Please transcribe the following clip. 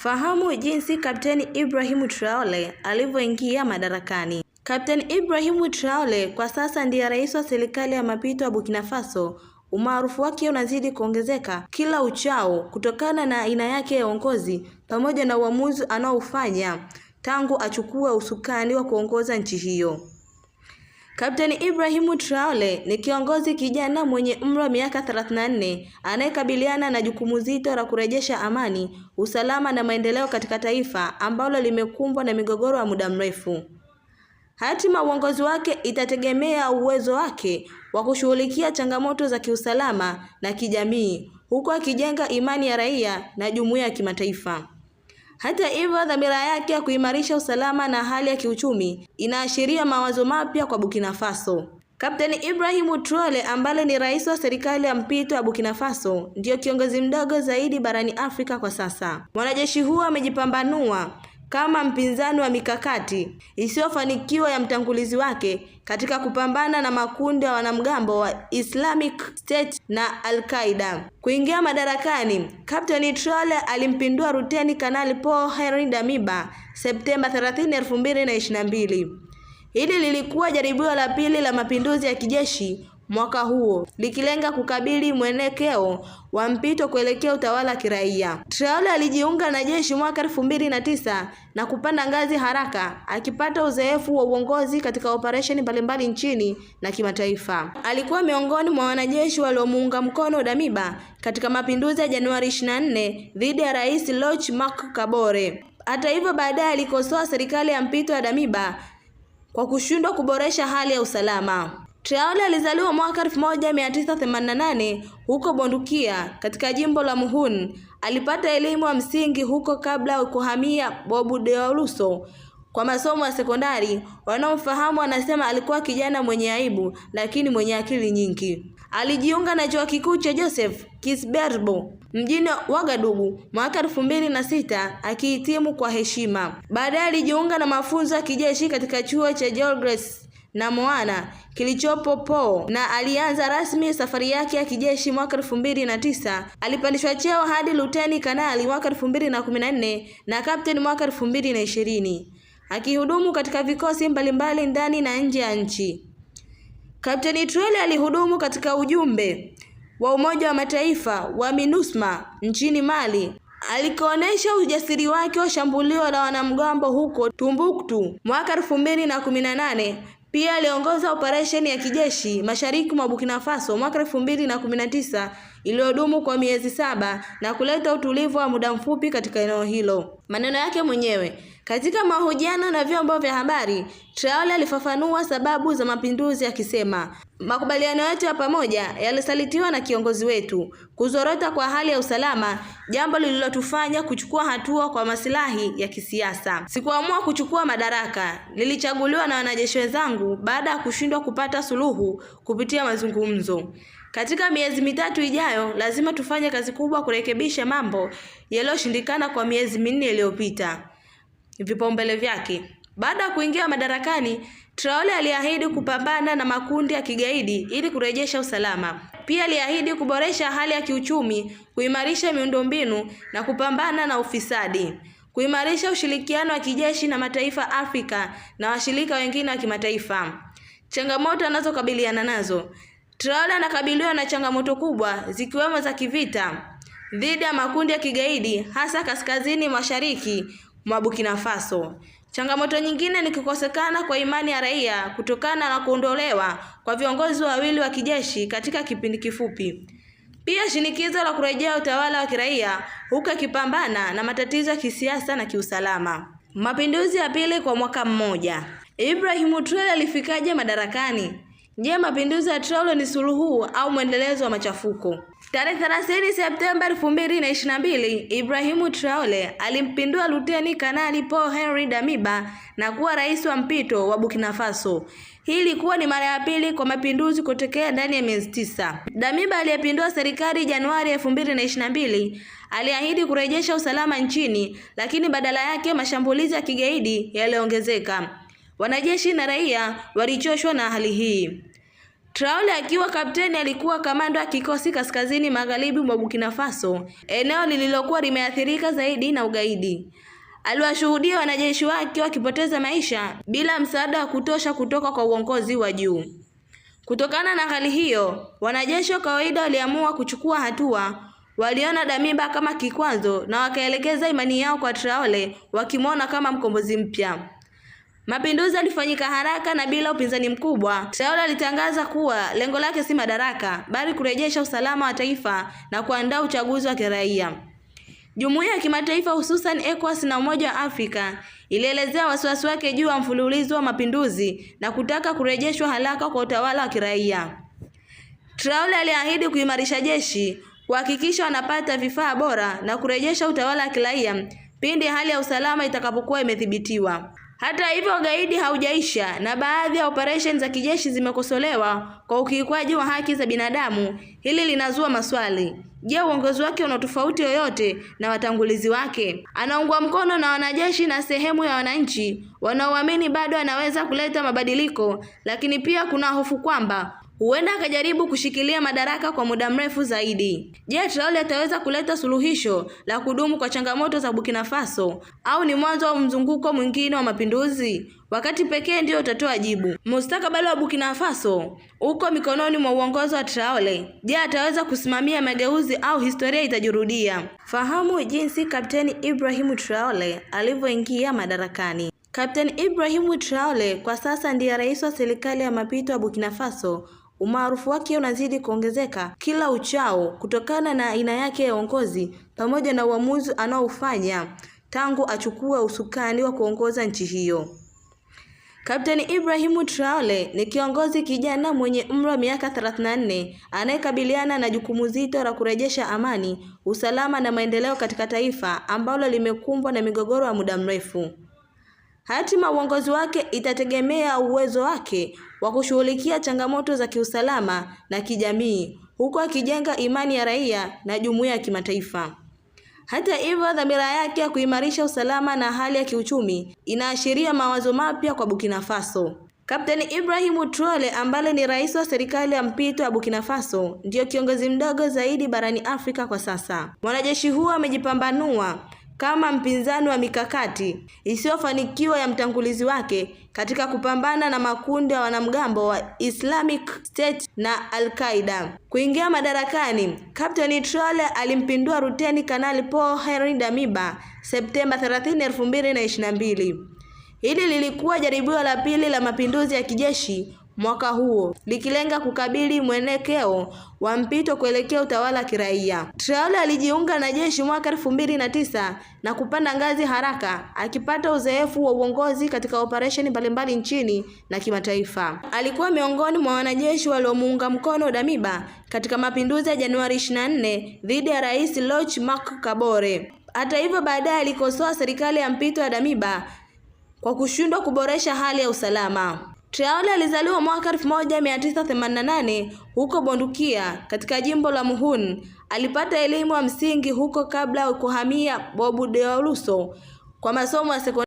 Fahamu jinsi Kapteni Ibrahim Traore alivyoingia madarakani. Kapteni Ibrahim Traore kwa sasa ndiye rais wa serikali ya mapito ya Burkina Faso. Umaarufu wake unazidi kuongezeka kila uchao kutokana na aina yake ya uongozi pamoja na uamuzi anaofanya tangu achukue usukani wa kuongoza nchi hiyo. Kapteni Ibrahimu Traore ni kiongozi kijana mwenye umri wa miaka 34 anayekabiliana na jukumu zito la kurejesha amani, usalama na maendeleo katika taifa ambalo limekumbwa na migogoro ya muda mrefu. Hatima uongozi wake itategemea uwezo wake wa kushughulikia changamoto za kiusalama na kijamii, huku akijenga imani ya raia na jumuiya ya kimataifa. Hata hivyo, dhamira yake ya kuimarisha usalama na hali ya kiuchumi inaashiria mawazo mapya kwa Burkina Faso. Kapteni Ibrahimu Traore ambaye ni rais wa serikali ya mpito ya Burkina Faso ndiyo kiongozi mdogo zaidi barani Afrika kwa sasa. Mwanajeshi huo amejipambanua kama mpinzani wa mikakati isiyofanikiwa ya mtangulizi wake katika kupambana na makundi ya wanamgambo wa Islamic State na Al-Qaeda. Kuingia madarakani, Captain Traore alimpindua ruteni Kanali Paul Henri Damiba Septemba 30, 2022. Hili lilikuwa jaribio la pili la mapinduzi ya kijeshi mwaka huo likilenga kukabili mwenekeo wa mpito kuelekea utawala wa kiraia. Traore alijiunga na jeshi mwaka elfu mbili na tisa na kupanda ngazi haraka akipata uzoefu wa uongozi katika operesheni mbalimbali nchini na kimataifa. Alikuwa miongoni mwa wanajeshi waliomuunga mkono Damiba katika mapinduzi ya Januari 24 dhidi ya Rais Roch Marc Kabore. Hata hivyo, baadaye alikosoa serikali ya mpito ya Damiba kwa kushindwa kuboresha hali ya usalama. Traore alizaliwa mwaka 1988 huko Bondukia katika jimbo la Muhun. Alipata elimu ya msingi huko kabla ya kuhamia Bobu Deoluso kwa masomo ya sekondari. Wanaomfahamu wanasema alikuwa kijana mwenye aibu lakini mwenye akili nyingi. Alijiunga na chuo kikuu cha Joseph Kisberbo mjini Wagadugu mwaka elfu mbili na sita akihitimu kwa heshima. Baadaye alijiunga na mafunzo ya kijeshi katika chuo cha Georges na Moana kilichopo Po na alianza rasmi safari yake ya kijeshi mwaka elfu mbili na tisa. Alipandishwa cheo hadi luteni kanali mwaka elfu mbili na kumi na nne na kapteni mwaka elfu mbili na ishirini akihudumu katika vikosi mbalimbali ndani na nje ya nchi. Kapteni Truel alihudumu katika ujumbe wa Umoja wa Mataifa wa MINUSMA nchini Mali alikoonesha ujasiri wake wa shambulio la wanamgambo huko Tumbuktu mwaka elfu mbili na kumi na nane pia aliongoza operesheni ya kijeshi mashariki mwa Burkina Faso mwaka elfu mbili na kumi na tisa iliyodumu kwa miezi saba na kuleta utulivu wa muda mfupi katika eneo hilo. Maneno yake mwenyewe katika mahojiano na vyombo vya habari, Traore alifafanua sababu za mapinduzi akisema, makubaliano yetu ya pamoja yalisalitiwa na kiongozi wetu, kuzorota kwa hali ya usalama, jambo lililotufanya kuchukua hatua kwa masilahi ya kisiasa. Sikuamua kuchukua madaraka, nilichaguliwa na wanajeshi wenzangu baada ya kushindwa kupata suluhu kupitia mazungumzo. Katika miezi mitatu ijayo, lazima tufanye kazi kubwa kurekebisha mambo yaliyoshindikana kwa miezi minne iliyopita. Vipaumbele vyake. Baada ya kuingia madarakani, Traore aliahidi kupambana na makundi ya kigaidi ili kurejesha usalama. Pia aliahidi kuboresha hali ya kiuchumi, kuimarisha miundombinu na kupambana na ufisadi, kuimarisha ushirikiano wa kijeshi na mataifa Afrika na washirika wengine wa kimataifa. Changamoto anazokabiliana nazo Traore anakabiliwa na changamoto kubwa zikiwemo za kivita dhidi ya makundi ya kigaidi hasa kaskazini mashariki mwa Burkina Faso. Changamoto nyingine ni kukosekana kwa imani ya raia kutokana na kuondolewa kwa viongozi wawili wa kijeshi katika kipindi kifupi. Pia shinikizo la kurejea utawala wa kiraia huku akipambana na matatizo ya kisiasa na kiusalama. Mapinduzi ya pili kwa mwaka mmoja. Ibrahim Traore alifikaje madarakani? Je, mapinduzi ya Traore ni suluhu au mwendelezo wa machafuko? Tarehe 30 Septemba 2022, Ibrahimu Traore alimpindua Luteni Kanali Paul Henri Damiba na kuwa rais wa mpito wa Burkina Faso. Hii ilikuwa ni mara ya pili kwa mapinduzi kutokea ndani ya miezi tisa. Damiba aliyepindua serikali Januari 2022 aliahidi kurejesha usalama nchini, lakini badala yake mashambulizi ya kigaidi yaliongezeka. Wanajeshi na raia walichoshwa na hali hii. Traore akiwa kapteni alikuwa kamanda wa kikosi kaskazini magharibi mwa Burkina Faso, eneo lililokuwa limeathirika zaidi na ugaidi. Aliwashuhudia wanajeshi wake wakipoteza maisha bila msaada wa kutosha kutoka kwa uongozi wa juu. Kutokana na hali hiyo, wanajeshi wa kawaida waliamua kuchukua hatua. Waliona Damiba kama kikwazo na wakaelekeza imani yao kwa Traore, wakimwona kama mkombozi mpya. Mapinduzi yalifanyika haraka na bila upinzani mkubwa. Traore alitangaza kuwa lengo lake si madaraka, bali kurejesha usalama wa taifa na kuandaa uchaguzi wa kiraia. Jumuiya ya kimataifa hususan ECOWAS na Umoja wa Afrika ilielezea wasiwasi wake juu ya mfululizo wa mapinduzi na kutaka kurejeshwa haraka kwa utawala wa kiraia. Traore aliahidi kuimarisha jeshi, kuhakikisha wanapata vifaa bora na kurejesha utawala wa kiraia pindi hali ya usalama itakapokuwa imethibitiwa. Hata hivyo, ugaidi haujaisha na baadhi ya operesheni za kijeshi zimekosolewa kwa ukiukwaji wa haki za binadamu. Hili linazua maswali. Je, uongozi wake una tofauti yoyote na watangulizi wake? Anaungwa mkono na wanajeshi na sehemu ya wananchi wanaoamini bado anaweza kuleta mabadiliko, lakini pia kuna hofu kwamba huenda akajaribu kushikilia madaraka kwa muda mrefu zaidi. Je, Traore ataweza kuleta suluhisho la kudumu kwa changamoto za Burkina Faso au ni mwanzo wa mzunguko mwingine wa mapinduzi? Wakati pekee ndio utatoa jibu. Mustakabali wa Burkina Faso uko mikononi mwa uongozi wa Traore. Je, ataweza kusimamia mageuzi au historia itajirudia? Fahamu jinsi Kapteni Ibrahim Traore alivyoingia madarakani. Kapteni Ibrahim Traore kwa sasa ndiye rais wa serikali ya mapito ya Burkina Faso Umaarufu wake unazidi kuongezeka kila uchao kutokana na aina yake ya uongozi pamoja na uamuzi anaofanya tangu achukue usukani wa kuongoza nchi hiyo. Kapteni Ibrahimu Traore ni kiongozi kijana mwenye umri wa miaka 34 anayekabiliana na jukumu zito la kurejesha amani, usalama na maendeleo katika taifa ambalo limekumbwa na migogoro ya muda mrefu. Hatima uongozi wake itategemea uwezo wake wa kushughulikia changamoto za kiusalama na kijamii huku akijenga imani ya raia na jumuiya ya kimataifa. Hata hivyo, dhamira yake ya kuimarisha usalama na hali ya kiuchumi inaashiria mawazo mapya kwa Burkina Faso. Kapteni Ibrahimu Traore ambaye ni rais wa serikali ya mpito ya Burkina Faso ndiyo kiongozi mdogo zaidi barani Afrika kwa sasa. Mwanajeshi huyo amejipambanua kama mpinzani wa mikakati isiyofanikiwa ya mtangulizi wake katika kupambana na makundi ya wanamgambo wa Islamic State na Al-Qaeda. Kuingia madarakani, Kapteni Traore alimpindua ruteni Kanali Paul Henri Damiba Septemba 30, 2022. Hili lilikuwa jaribio la pili la mapinduzi ya kijeshi mwaka huo likilenga kukabili mwenekeo wa mpito kuelekea utawala wa kiraia. Traore alijiunga na jeshi mwaka elfu mbili na tisa na kupanda ngazi haraka akipata uzoefu wa uongozi katika operesheni mbalimbali nchini na kimataifa. Alikuwa miongoni mwa wanajeshi waliomuunga mkono Damiba katika mapinduzi ya Januari 24 dhidi ya Rais Roch Marc Kabore. Hata hivyo, baadaye alikosoa serikali ya mpito ya Damiba kwa kushindwa kuboresha hali ya usalama. Traore alizaliwa mwaka 1988 huko Bondukia katika jimbo la Muhun. Alipata elimu ya msingi huko kabla ya kuhamia Bobu Dioruso kwa masomo ya sekondari.